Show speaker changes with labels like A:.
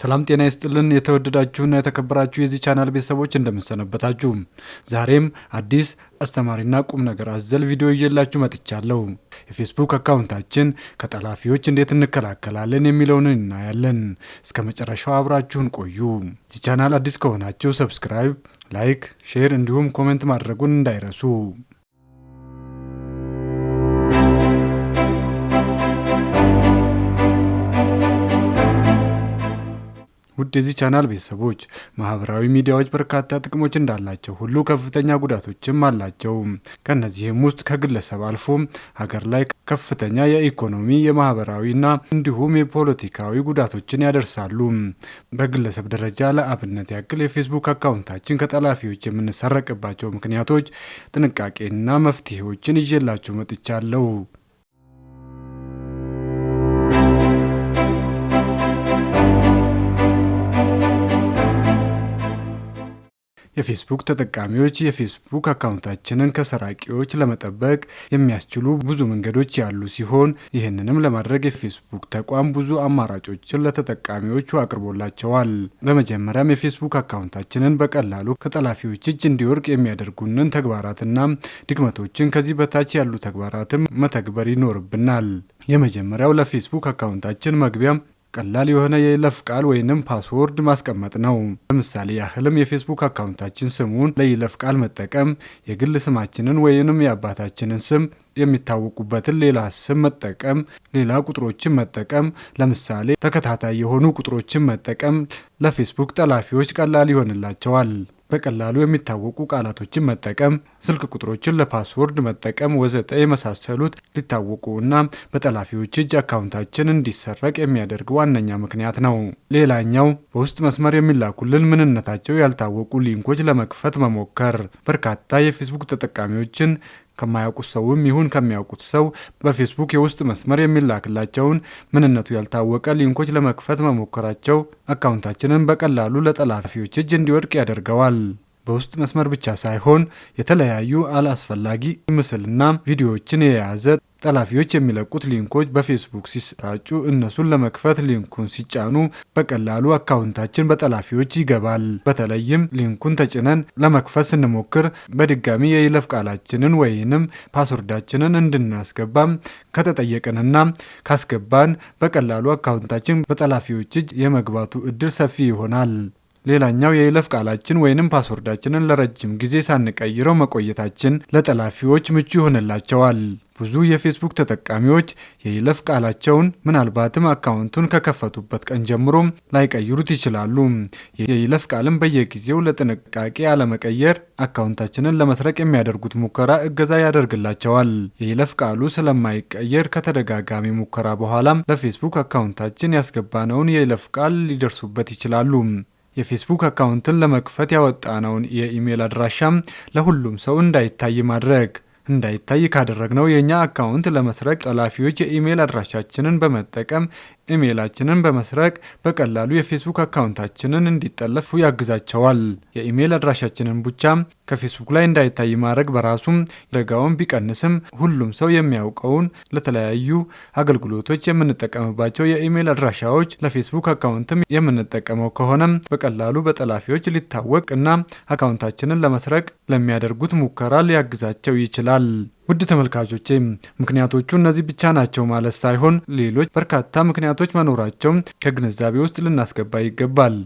A: ሰላም ጤና ይስጥልን። የተወደዳችሁና የተከበራችሁ የዚህ ቻናል ቤተሰቦች እንደምሰነበታችሁ። ዛሬም አዲስ አስተማሪና ቁም ነገር አዘል ቪዲዮ እየላችሁ መጥቻለሁ። የፌስቡክ አካውንታችን ከጠላፊዎች እንዴት እንከላከላለን የሚለውን እናያለን። እስከ መጨረሻው አብራችሁን ቆዩ። እዚህ ቻናል አዲስ ከሆናችሁ ሰብስክራይብ፣ ላይክ፣ ሼር እንዲሁም ኮሜንት ማድረጉን እንዳይረሱ። ውድ የዚህ ቻናል ቤተሰቦች ማህበራዊ ሚዲያዎች በርካታ ጥቅሞች እንዳላቸው ሁሉ ከፍተኛ ጉዳቶችም አላቸው። ከእነዚህም ውስጥ ከግለሰብ አልፎ ሀገር ላይ ከፍተኛ የኢኮኖሚ የማህበራዊና እንዲሁም የፖለቲካዊ ጉዳቶችን ያደርሳሉ። በግለሰብ ደረጃ ለአብነት ያክል የፌስቡክ አካውንታችን ከጠላፊዎች የምንሰረቅባቸው ምክንያቶች ጥንቃቄና መፍትሄዎችን ይዤላችሁ መጥቻለሁ። የፌስቡክ ተጠቃሚዎች የፌስቡክ አካውንታችንን ከሰራቂዎች ለመጠበቅ የሚያስችሉ ብዙ መንገዶች ያሉ ሲሆን ይህንንም ለማድረግ የፌስቡክ ተቋም ብዙ አማራጮችን ለተጠቃሚዎቹ አቅርቦላቸዋል። በመጀመሪያም የፌስቡክ አካውንታችንን በቀላሉ ከጠላፊዎች እጅ እንዲወርቅ የሚያደርጉንን ተግባራትና ድክመቶችን ከዚህ በታች ያሉ ተግባራትም መተግበር ይኖርብናል። የመጀመሪያው ለፌስቡክ አካውንታችን መግቢያም ቀላል የሆነ የይለፍ ቃል ወይንም ፓስወርድ ማስቀመጥ ነው። ለምሳሌ ያህልም የፌስቡክ አካውንታችን ስሙን ለይለፍ ቃል መጠቀም የግል ስማችንን ወይንም የአባታችንን ስም የሚታወቁበትን ሌላ ስም መጠቀም፣ ሌላ ቁጥሮችን መጠቀም፣ ለምሳሌ ተከታታይ የሆኑ ቁጥሮችን መጠቀም ለፌስቡክ ጠላፊዎች ቀላል ይሆንላቸዋል። በቀላሉ የሚታወቁ ቃላቶችን መጠቀም፣ ስልክ ቁጥሮችን ለፓስወርድ መጠቀም ወዘተ የመሳሰሉት ሊታወቁ እና በጠላፊዎች እጅ አካውንታችን እንዲሰረቅ የሚያደርግ ዋነኛ ምክንያት ነው። ሌላኛው በውስጥ መስመር የሚላኩልን ምንነታቸው ያልታወቁ ሊንኮች ለመክፈት መሞከር በርካታ የፌስቡክ ተጠቃሚዎችን ከማያውቁት ሰውም ይሁን ከሚያውቁት ሰው በፌስቡክ የውስጥ መስመር የሚላክላቸውን ምንነቱ ያልታወቀ ሊንኮች ለመክፈት መሞከራቸው አካውንታችንን በቀላሉ ለጠላፊዎች እጅ እንዲወድቅ ያደርገዋል። በውስጥ መስመር ብቻ ሳይሆን የተለያዩ አላስፈላጊ ምስልና ቪዲዮዎችን የያዘ ጠላፊዎች የሚለቁት ሊንኮች በፌስቡክ ሲሰራጩ እነሱን ለመክፈት ሊንኩን ሲጫኑ በቀላሉ አካውንታችን በጠላፊዎች ይገባል። በተለይም ሊንኩን ተጭነን ለመክፈት ስንሞክር በድጋሚ የይለፍ ቃላችንን ወይንም ፓስወርዳችንን እንድናስገባም ከተጠየቅንና ካስገባን በቀላሉ አካውንታችን በጠላፊዎች እጅ የመግባቱ እድል ሰፊ ይሆናል። ሌላኛው የይለፍ ቃላችን ወይንም ፓስወርዳችንን ለረጅም ጊዜ ሳንቀይረው መቆየታችን ለጠላፊዎች ምቹ ይሆንላቸዋል። ብዙ የፌስቡክ ተጠቃሚዎች የይለፍ ቃላቸውን ምናልባትም አካውንቱን ከከፈቱበት ቀን ጀምሮም ላይቀይሩት ይችላሉ። የይለፍ ቃልም በየጊዜው ለጥንቃቄ አለመቀየር አካውንታችንን ለመስረቅ የሚያደርጉት ሙከራ እገዛ ያደርግላቸዋል። የይለፍ ቃሉ ስለማይቀየር ከተደጋጋሚ ሙከራ በኋላም ለፌስቡክ አካውንታችን ያስገባነውን የይለፍ ቃል ሊደርሱበት ይችላሉ። የፌስቡክ አካውንትን ለመክፈት ያወጣነውን የኢሜይል አድራሻም ለሁሉም ሰው እንዳይታይ ማድረግ እንዳይታይ ካደረግነው የእኛ አካውንት ለመስረቅ ጠላፊዎች የኢሜይል አድራሻችንን በመጠቀም ኢሜይላችንን በመስረቅ በቀላሉ የፌስቡክ አካውንታችንን እንዲጠለፉ ያግዛቸዋል። የኢሜይል አድራሻችንን ብቻ ከፌስቡክ ላይ እንዳይታይ ማድረግ በራሱም ደጋውን ቢቀንስም ሁሉም ሰው የሚያውቀውን ለተለያዩ አገልግሎቶች የምንጠቀምባቸው የኢሜይል አድራሻዎች ለፌስቡክ አካውንትም የምንጠቀመው ከሆነም በቀላሉ በጠላፊዎች ሊታወቅ እና አካውንታችንን ለመስረቅ ለሚያደርጉት ሙከራ ሊያግዛቸው ይችላል። ይላል። ውድ ተመልካቾቼ ምክንያቶቹ እነዚህ ብቻ ናቸው ማለት ሳይሆን ሌሎች በርካታ ምክንያቶች መኖራቸው ከግንዛቤ ውስጥ ልናስገባ ይገባል።